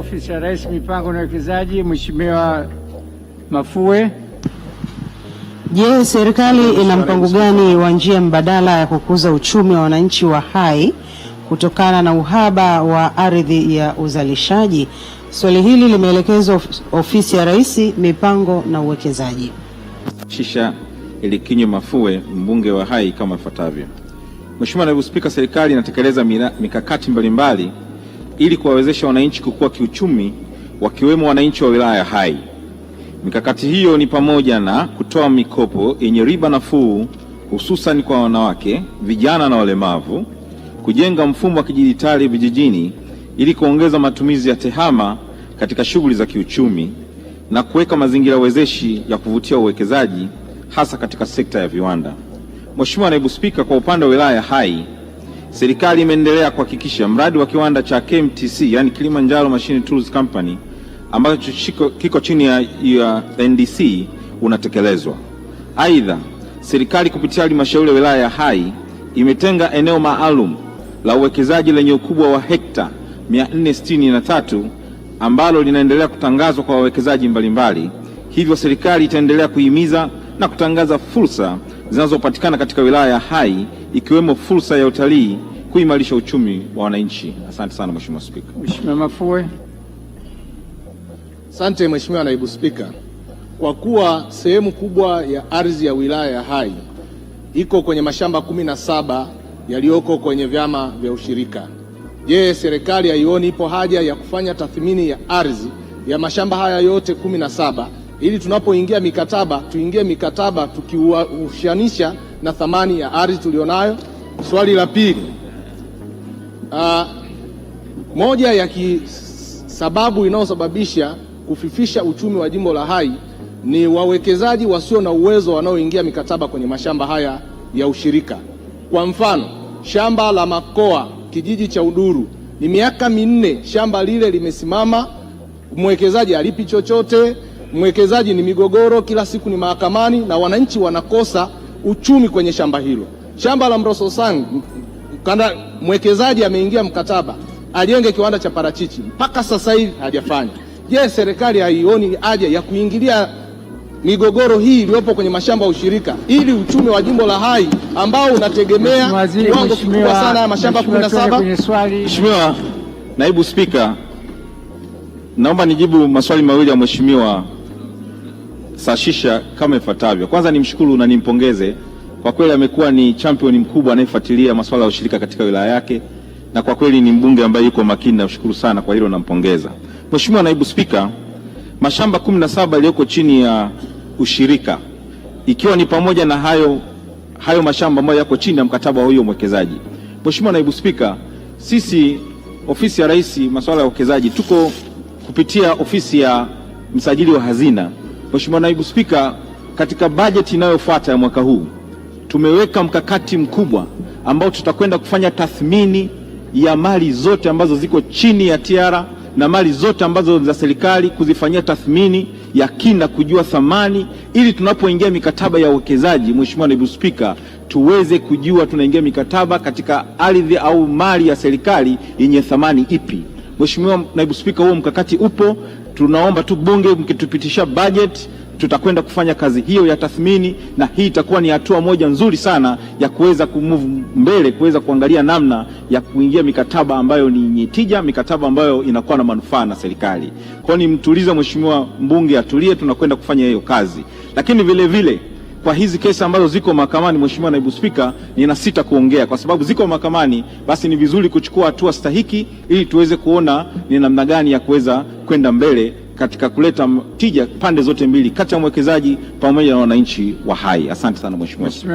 Ofisi ya Rais mipango na uwekezaji, Mheshimiwa Mafue. Je, serikali ina mpango gani wa njia mbadala ya kukuza uchumi wa wananchi wa Hai kutokana na uhaba wa ardhi ya uzalishaji? Swali hili limeelekezwa ofisi ya Rais mipango na uwekezaji. Shisha Elikinyo Mafue, mbunge wa Hai, kama ifuatavyo. Mheshimiwa Naibu Spika, serikali inatekeleza mikakati mbalimbali ili kuwawezesha wananchi kukua kiuchumi, wakiwemo wananchi wa wilaya hai. Mikakati hiyo ni pamoja na kutoa mikopo yenye riba nafuu hususan kwa wanawake, vijana na walemavu, kujenga mfumo wa kidijitali vijijini ili kuongeza matumizi ya tehama katika shughuli za kiuchumi na kuweka mazingira wezeshi ya kuvutia uwekezaji hasa katika sekta ya viwanda. Mheshimiwa Naibu Spika, kwa upande wa wilaya hai Serikali imeendelea kuhakikisha mradi wa kiwanda cha KMTC yani Kilimanjaro Machine Tools Company ambacho kiko chini ya, ya NDC unatekelezwa. Aidha, serikali kupitia halmashauri ya wilaya ya Hai imetenga eneo maalum la uwekezaji lenye ukubwa wa hekta 463 ambalo linaendelea kutangazwa kwa wawekezaji mbalimbali. Hivyo serikali itaendelea kuhimiza na kutangaza fursa zinazopatikana katika wilaya ya Hai ikiwemo fursa ya utalii kuimarisha uchumi wa wananchi. Asante sana Mheshimiwa Spika. Mheshimiwa Mafue. Asante Mheshimiwa Naibu Spika, kwa kuwa sehemu kubwa ya ardhi ya wilaya ya Hai iko kwenye mashamba kumi na saba yaliyoko kwenye vyama vya ushirika, je, serikali haioni ipo haja ya kufanya tathmini ya ardhi ya mashamba haya yote kumi na saba ili tunapoingia mikataba tuingie mikataba tukiuhushanisha na thamani ya ardhi tulionayo. Swali la pili, uh, moja ya sababu inayosababisha kufifisha uchumi wa jimbo la Hai ni wawekezaji wasio na uwezo wanaoingia mikataba kwenye mashamba haya ya ushirika. Kwa mfano, shamba la Makoa kijiji cha Uduru ni miaka minne shamba lile limesimama, mwekezaji alipi chochote, mwekezaji ni migogoro, kila siku ni mahakamani na wananchi wanakosa uchumi kwenye shamba hilo. Shamba la Mroso Sang, mwekezaji ameingia mkataba ajenge kiwanda cha parachichi, mpaka sasa hivi hajafanya. Je, serikali haioni haja ya kuingilia migogoro hii iliyopo kwenye mashamba ya ushirika ili uchumi wa jimbo la Hai ambao unategemea kiwango kikubwa sana ya mashamba 17? Mheshimiwa Naibu Spika, naomba nijibu maswali mawili ya mheshimiwa Sashisha kama ifuatavyo. Kwanza nimshukuru na nimpongeze kwa kweli, amekuwa ni champion mkubwa anayefuatilia masuala ya ushirika katika wilaya yake, na kwa kweli ni mbunge ambaye yuko makini. Namshukuru sana kwa hilo, nampongeza. Mheshimiwa Naibu Spika, mashamba kumi na saba yaliyoko chini ya ushirika ikiwa ni pamoja na hayo, hayo mashamba ambayo yako chini ya mkataba wa huyo mwekezaji. Mheshimiwa Naibu Spika, sisi ofisi ya Rais masuala ya uwekezaji tuko kupitia ofisi ya msajili wa hazina Mheshimiwa Naibu Spika, katika bajeti inayofuata ya mwaka huu tumeweka mkakati mkubwa ambao tutakwenda kufanya tathmini ya mali zote ambazo ziko chini ya tiara na mali zote ambazo za serikali kuzifanyia tathmini ya kina kujua thamani, ili tunapoingia mikataba ya uwekezaji, Mheshimiwa Naibu Spika, tuweze kujua tunaingia mikataba katika ardhi au mali ya serikali yenye thamani ipi. Mheshimiwa Naibu Spika, huo mkakati upo tunaomba tu bunge mkitupitisha budget tutakwenda kufanya kazi hiyo ya tathmini, na hii itakuwa ni hatua moja nzuri sana ya kuweza kumove mbele, kuweza kuangalia namna ya kuingia mikataba ambayo ni yenye tija, mikataba ambayo inakuwa na manufaa na serikali. Kwa hiyo nimtulize mheshimiwa mbunge atulie, tunakwenda kufanya hiyo kazi, lakini vile vile kwa hizi kesi ambazo ziko mahakamani, Mheshimiwa Naibu Spika, nina sita kuongea kwa sababu ziko mahakamani, basi ni vizuri kuchukua hatua stahiki ili tuweze kuona ni namna gani ya kuweza kwenda mbele katika kuleta tija pande zote mbili, kati ya mwekezaji pamoja na wananchi wa Hai. Asante sana Mheshimiwa.